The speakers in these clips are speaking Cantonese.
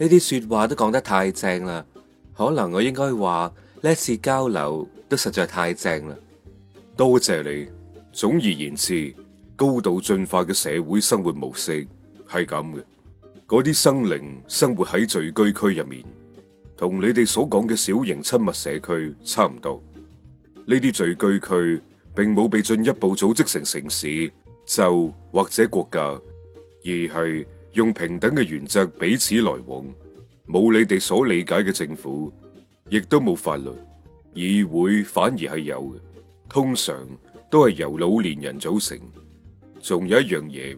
呢啲說話都講得太正啦，可能我應該話呢次交流都實在太正啦，多謝你。總而言之，高度進化嘅社會生活模式係咁嘅，嗰啲生靈生活喺聚居區入面，同你哋所講嘅小型親密社區差唔多。呢啲聚居區並冇被進一步組織成城市，就或者國家，而係，用平等嘅原則彼此來往，冇你哋所理解嘅政府，亦都冇法律，議會反而係有嘅，通常都係由老年人組成。仲有一樣嘢，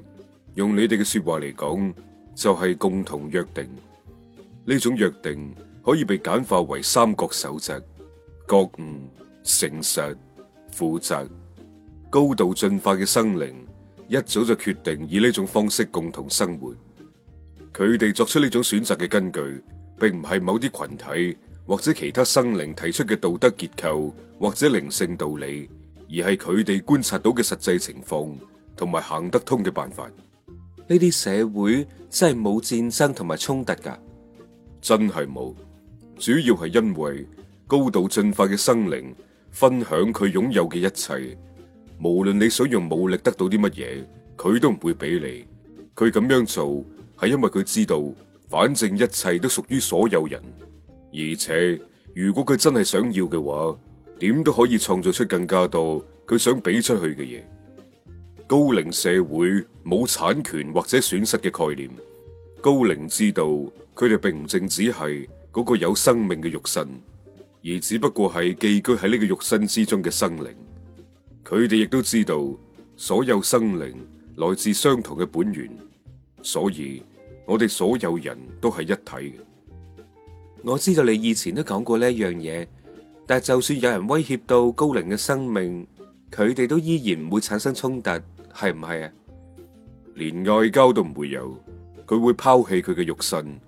用你哋嘅說話嚟講，就係、是、共同約定。呢種約定可以被簡化為三角守則：覺悟、誠實、負責。高度進化嘅生靈一早就決定以呢種方式共同生活。佢哋作出呢種選擇嘅根據，並唔係某啲群體或者其他生靈提出嘅道德結構或者靈性道理，而係佢哋觀察到嘅實際情況同埋行得通嘅辦法。呢啲社會真係冇戰爭同埋衝突㗎，真係冇。主要係因為高度進化嘅生靈分享佢擁有嘅一切。無論你想用武力得到啲乜嘢，佢都唔會俾你。佢咁樣做係因為佢知道，反正一切都屬於所有人。而且如果佢真係想要嘅話，點都可以創造出更加多佢想俾出去嘅嘢。高齡社會冇產權或者損失嘅概念。高齡知道佢哋並唔淨只係嗰個有生命嘅肉身，而只不過係寄居喺呢個肉身之中嘅生靈。佢哋亦都知道所有生靈來自相同嘅本源，所以我哋所有人都係一體。我知道你以前都講過呢一樣嘢，但就算有人威脅到高靈嘅生命，佢哋都依然唔會產生衝突，係唔係啊？連吵架都唔會有，佢會拋棄佢嘅肉身，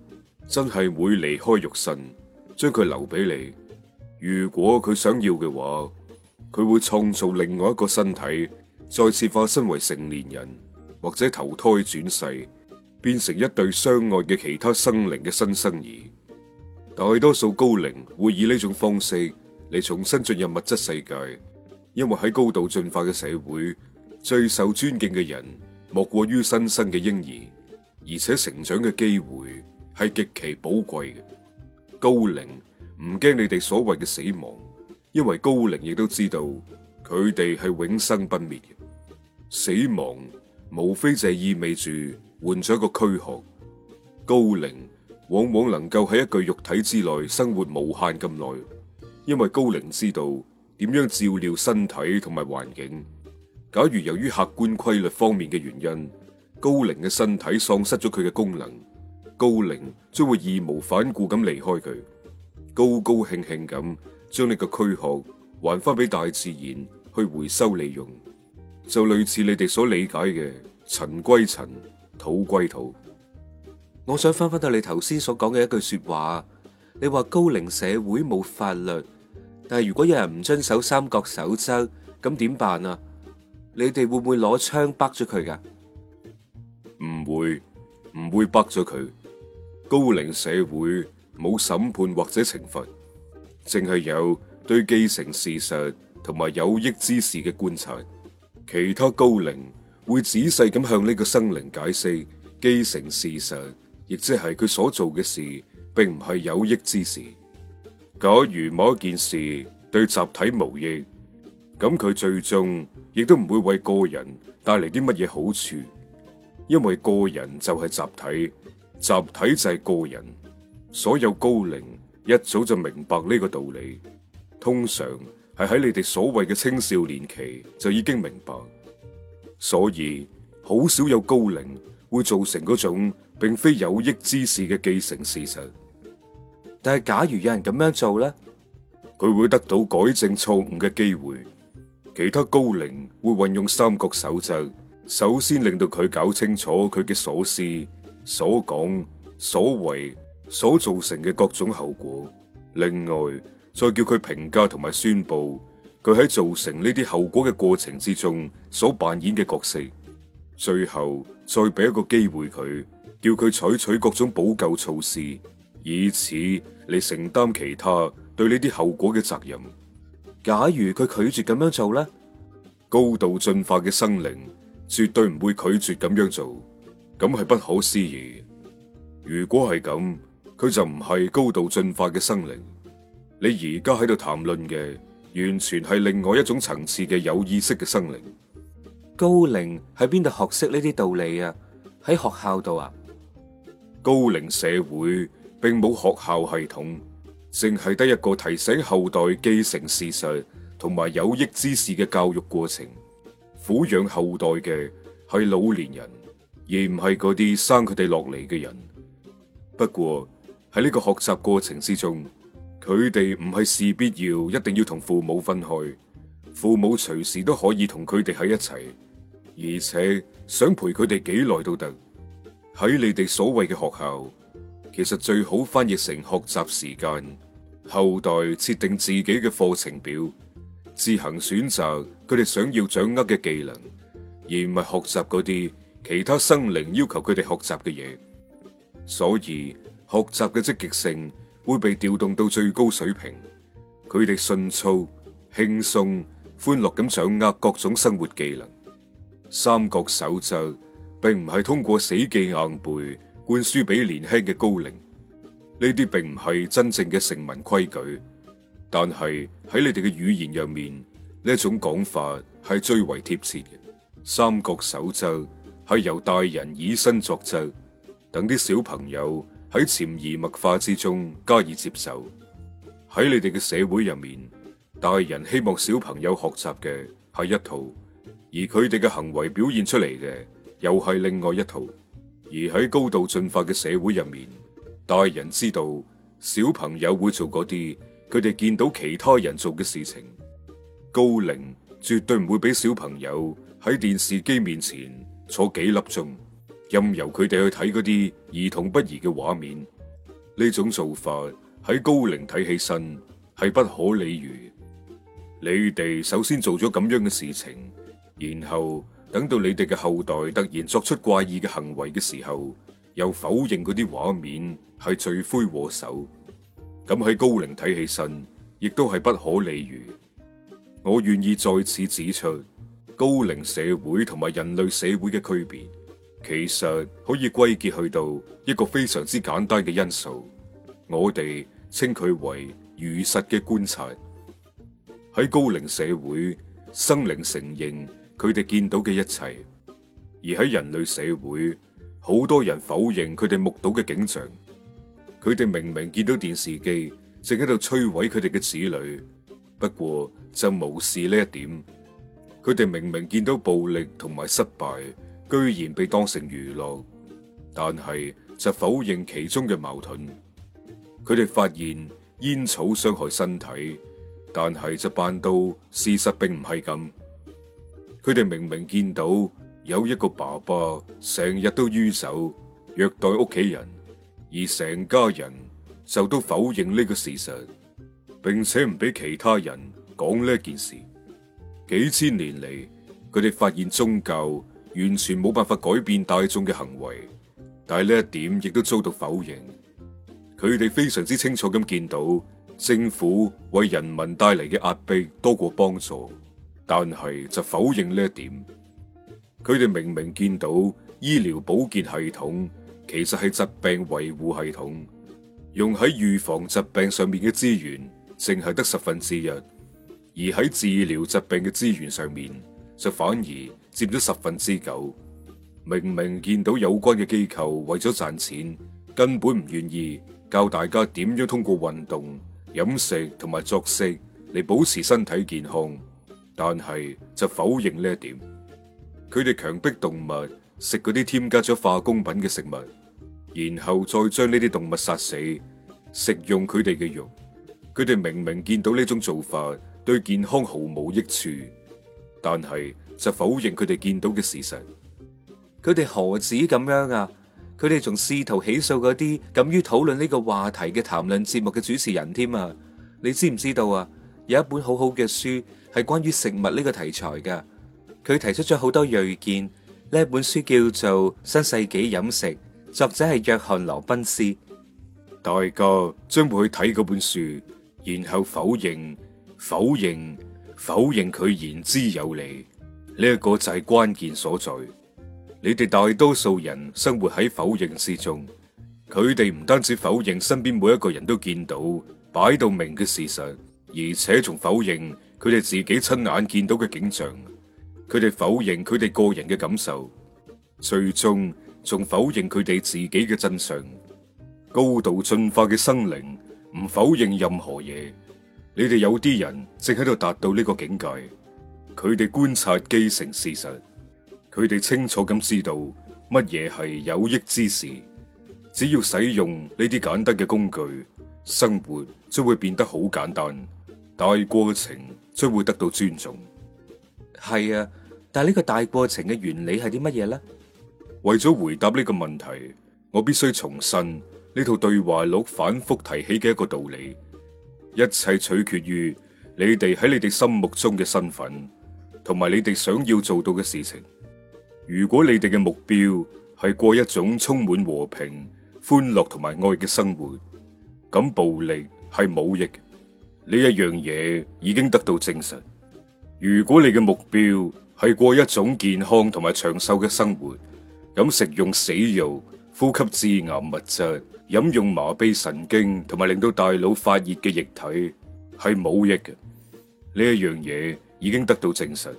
真係會離開肉身，將佢留俾你。如果佢想要嘅話。佢會創造另外一個身體，再次化身為成年人，或者投胎轉世，變成一對相愛嘅其他生靈嘅新生兒。大多數高靈會以呢種方式嚟重新進入物質世界，因為喺高度進化嘅社會，最受尊敬嘅人莫過於新生嘅嬰兒，而且成長嘅機會係極其寶貴嘅。高靈唔驚你哋所謂嘅死亡。因為高齡亦都知道佢哋係永生不滅嘅，死亡無非就意味住換咗一個軀殼。高齡往往能夠喺一具肉體之內生活無限咁耐，因為高齡知道點樣照料身體同埋環境。假如由於客觀規律方面嘅原因，高齡嘅身體喪失咗佢嘅功能，高齡將會義無反顧咁離開佢，高高興興咁。將你個軀殼還翻俾大自然去回收利用，就類似你哋所理解嘅塵歸塵，土歸土。我想翻返到你頭先所講嘅一句說話。你話高齡社會冇法律，但係如果有人唔遵守三角守則，咁點辦啊？你哋會唔會攞槍逼咗佢噶？唔會，唔會逼咗佢。高齡社會冇審判或者懲罰。淨係有對既成事實同埋有益之事嘅觀察，其他高靈會仔細咁向呢個生靈解釋既成事實，亦即係佢所做嘅事，並唔係有益之事。假如某一件事對集體無益，咁佢最終亦都唔會為個人帶嚟啲乜嘢好處，因為個人就係集體，集體就係個人。所有高靈。一早就明白呢個道理，通常係喺你哋所謂嘅青少年期就已經明白，所以好少有高齡會造成嗰種並非有益之事嘅既成事實。但係假如有人咁樣做咧，佢會得到改正錯誤嘅機會。其他高齡會運用三角守則，首先令到佢搞清楚佢嘅所思、所講、所為。所造成嘅各種後果，另外再叫佢評價同埋宣布佢喺造成呢啲後果嘅過程之中所扮演嘅角色，最後再俾一個機會佢，叫佢採取各種補救措施，以此嚟承擔其他對呢啲後果嘅責任。假如佢拒絕咁樣做呢，高度進化嘅生靈絕對唔會拒絕咁樣做，咁係不可思議。如果係咁。佢就唔係高度進化嘅生靈，你而家喺度談論嘅完全係另外一種層次嘅有意識嘅生靈。高齡喺邊度學識呢啲道理啊？喺學校度啊？高齡社會並冇學校系統，淨係得一個提醒後代既成事實同埋有益之事嘅教育過程。撫養後代嘅係老年人，而唔係嗰啲生佢哋落嚟嘅人。不過。喺呢個學習過程之中，佢哋唔係事必要一定要同父母分開，父母隨時都可以同佢哋喺一齊，而且想陪佢哋幾耐都得。喺你哋所謂嘅學校，其實最好翻譯成學習時間。後代設定自己嘅課程表，自行選擇佢哋想要掌握嘅技能，而唔係學習嗰啲其他生靈要求佢哋學習嘅嘢。所以。學習嘅積極性會被調動到最高水平，佢哋迅速、輕鬆、歡樂咁掌握各種生活技能。三角守則並唔係通過死記硬背灌輸俾年輕嘅高齡，呢啲並唔係真正嘅成文規矩，但係喺你哋嘅語言入面呢一種講法係最為貼切嘅。三角守則係由大人以身作則，等啲小朋友。喺潛移默化之中加以接受。喺你哋嘅社會入面，大人希望小朋友學習嘅係一套，而佢哋嘅行為表現出嚟嘅又係另外一套。而喺高度進化嘅社會入面，大人知道小朋友會做嗰啲、佢哋見到其他人做嘅事情，高齡絕對唔會俾小朋友喺電視機面前坐幾粒鐘。任由佢哋去睇嗰啲兒童不宜嘅畫面，呢種做法喺高齡睇起身係不可理喻。你哋首先做咗咁樣嘅事情，然後等到你哋嘅後代突然作出怪異嘅行為嘅時候，又否認嗰啲畫面係罪魁禍首，咁喺高齡睇起身亦都係不可理喻。我願意再次指出高齡社會同埋人類社會嘅區別。其實可以歸結去到一個非常之簡單嘅因素，我哋稱佢為如實嘅觀察。喺高齡社會，生靈承認佢哋見到嘅一切；而喺人類社會，好多人否認佢哋目睹嘅景象。佢哋明明見到電視機正喺度摧毀佢哋嘅子女，不過就無視呢一點。佢哋明明見到暴力同埋失敗。居然被當成娛樂，但係就否認其中嘅矛盾。佢哋發現煙草傷害身體，但係就扮到事實並唔係咁。佢哋明明見到有一個爸爸成日都於手虐待屋企人，而成家人就都否認呢個事實，並且唔俾其他人講呢件事。幾千年嚟，佢哋發現宗教完全冇辦法改變大眾嘅行為，但係呢一點亦都遭到否認。佢哋非常之清楚咁見到政府為人民帶嚟嘅壓迫多過幫助，但係就否認呢一點。佢哋明明見到醫療保健系統其實係疾病維護系統，用喺預防疾病上面嘅資源淨係得十分之一，而喺治療疾病嘅資源上面就反而。佔咗十分之九，明明見到有關嘅機構為咗賺錢，根本唔願意教大家點樣通過運動、飲食同埋作息嚟保持身體健康，但係就否認呢一點。佢哋強迫動物食嗰啲添加咗化工品嘅食物，然後再將呢啲動物殺死，食用佢哋嘅肉。佢哋明明見到呢種做法對健康毫無益處，但係。就否認佢哋見到嘅事實。佢哋何止咁樣啊？佢哋仲試圖起訴嗰啲敢於討論呢個話題嘅談論節目嘅主持人添啊！你知唔知道啊？有一本好好嘅書係關於食物呢個題材嘅，佢提出咗好多銳見。呢一本書叫做《新世紀飲食》，作者係約翰羅賓斯。大家將會去睇嗰本書，然後否認、否認、否認佢言之有理。呢一個就係關鍵所在。你哋大多數人生活喺否認之中，佢哋唔單止否認身邊每一個人都見到擺到明嘅事實，而且仲否認佢哋自己親眼見到嘅景象，佢哋否認佢哋個人嘅感受，最終仲否認佢哋自己嘅真相。高度進化嘅生靈唔否認任何嘢，你哋有啲人正喺度達到呢個境界。佢哋觀察既成事實，佢哋清楚咁知道乜嘢係有益之事。只要使用呢啲簡單嘅工具，生活將會變得好簡單。大過程將會得到尊重。係啊，但係呢個大過程嘅原理係啲乜嘢咧？為咗回答呢個問題，我必須重申呢套對話錄反復提起嘅一個道理：一切取決於你哋喺你哋心目中嘅身份。同埋你哋想要做到嘅事情，如果你哋嘅目標係過一種充滿和平、歡樂同埋愛嘅生活，咁暴力係冇益嘅。呢一樣嘢已經得到證實。如果你嘅目標係過一種健康同埋長壽嘅生活，咁食用死肉、呼吸致癌物質、飲用麻痹神經同埋令到大腦發熱嘅液體，係冇益嘅。呢一樣嘢。已經得到證實。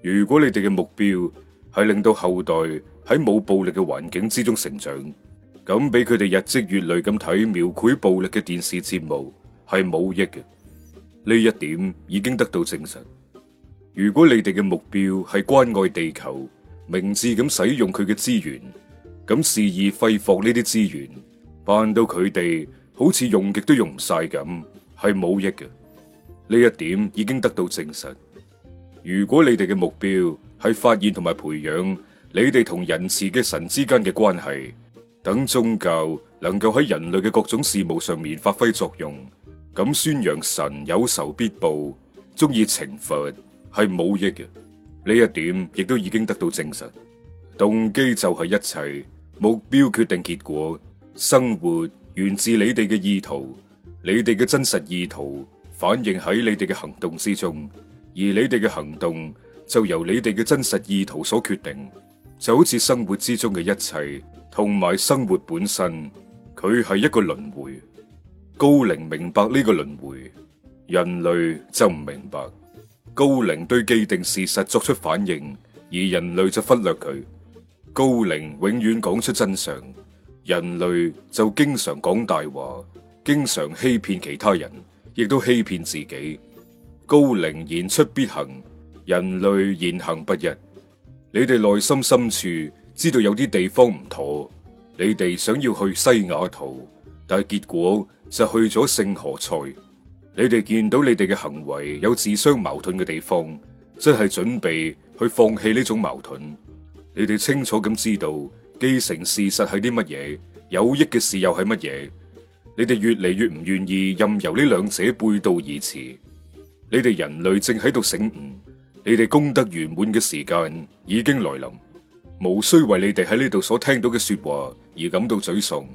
如果你哋嘅目標係令到後代喺冇暴力嘅環境之中成長，咁俾佢哋日積月累咁睇描繪暴力嘅電視節目，係冇益嘅。呢一點已經得到證實。如果你哋嘅目標係關愛地球、明智咁使用佢嘅資源，咁肆意揮霍呢啲資源，扮到佢哋好似用極都用唔晒咁，係冇益嘅。呢一點已經得到證實。如果你哋嘅目標係發現同埋培養你哋同仁慈嘅神之間嘅關係，等宗教能夠喺人類嘅各種事務上面發揮作用，咁宣揚神有仇必報，中意懲罰係冇益嘅。呢一點亦都已經得到證實。動機就係一切，目標決定結果，生活源自你哋嘅意圖，你哋嘅真實意圖，反映喺你哋嘅行動之中，而你哋嘅行動就由你哋嘅真實意圖所決定，就好似生活之中嘅一切同埋生活本身，佢係一個輪迴。高靈明白呢個輪迴，人類就唔明白。高靈對既定事實作出反應，而人類就忽略佢。高靈永遠講出真相，人類就經常講大話，經常欺騙其他人。亦都欺騙自己，高靈言出必行，人類言行不一。你哋內心深處知道有啲地方唔妥，你哋想要去西雅圖，但係結果就去咗聖何塞。你哋見到你哋嘅行為有自相矛盾嘅地方，真係準備去放棄呢種矛盾。你哋清楚咁知道，既成事實係啲乜嘢，有益嘅事又係乜嘢。你哋越嚟越唔願意任由呢兩者背道而馳。你哋人類正喺度醒悟，你哋功德圓滿嘅時間已經來臨，無需為你哋喺呢度所聽到嘅說話而感到沮喪，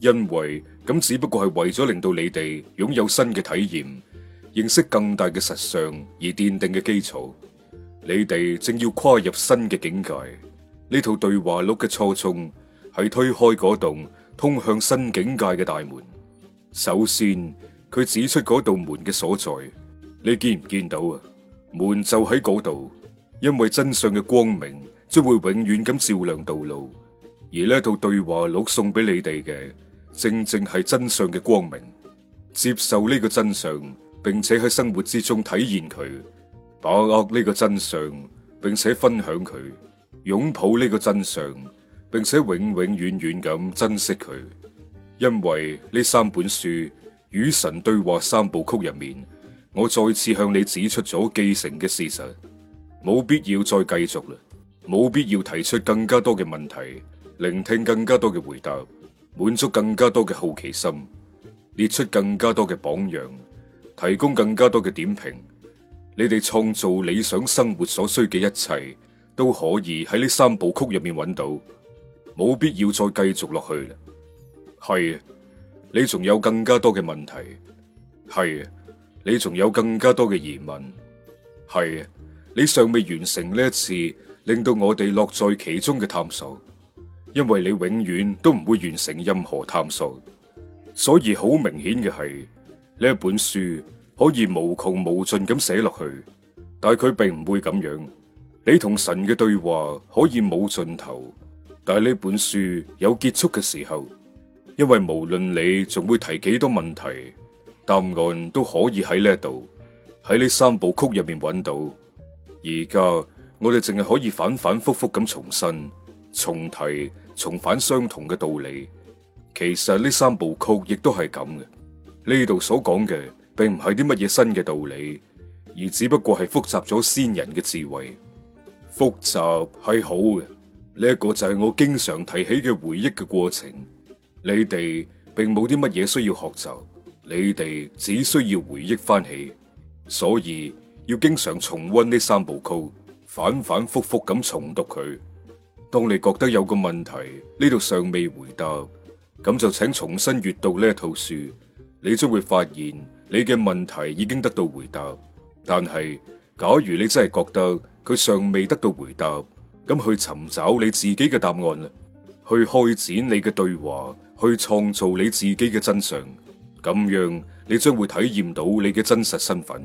因為咁只不過係為咗令到你哋擁有新嘅體驗，認識更大嘅實相而奠定嘅基礎。你哋正要跨入新嘅境界，呢套對話錄嘅初衷係推開嗰棟通向新境界嘅大門。首先，佢指出嗰道門嘅所在，你見唔見到啊？門就喺嗰度，因為真相嘅光明將會永遠咁照亮道路。而呢套對話錄送俾你哋嘅，正正係真相嘅光明。接受呢個真相，並且喺生活之中體驗佢，把握呢個真相，並且分享佢，擁抱呢個真相，並且永永遠遠咁珍惜佢。因為呢三本書《與神對話三部曲》入面，我再次向你指出咗既成嘅事實，冇必要再繼續啦，冇必要提出更加多嘅問題，聆聽更加多嘅回答，滿足更加多嘅好奇心，列出更加多嘅榜樣，提供更加多嘅點評，你哋創造理想生活所需嘅一切都可以喺呢三部曲入面揾到，冇必要再繼續落去啦。係，你仲有更加多嘅問題，係，你仲有更加多嘅疑問，係，你尚未完成呢一次令到我哋樂在其中嘅探索，因為你永遠都唔會完成任何探索，所以好明顯嘅係呢一本書可以無窮無盡咁寫落去，但係佢並唔會咁樣。你同神嘅對話可以冇盡頭，但係呢本書有結束嘅時候。因為無論你仲會提幾多問題，答案都可以喺呢一度，喺呢三部曲入面揾到。而家我哋淨係可以反反复复咁重申、重提、重返相同嘅道理。其實呢三部曲亦都係咁嘅。呢度所講嘅並唔係啲乜嘢新嘅道理，而只不過係複雜咗先人嘅智慧。複雜係好嘅，呢一個就係我經常提起嘅回憶嘅過程。你哋並冇啲乜嘢需要學習，你哋只需要回憶翻起，所以要經常重溫呢三部曲，反反复复咁重讀佢。當你覺得有個問題呢度尚未回答，咁就請重新閱讀呢一套書，你將會發現你嘅問題已經得到回答。但係假如你真係覺得佢尚未得到回答，咁去尋找你自己嘅答案，去開展你嘅對話。去創造你自己嘅真相，咁樣你將會體驗到你嘅真實身份。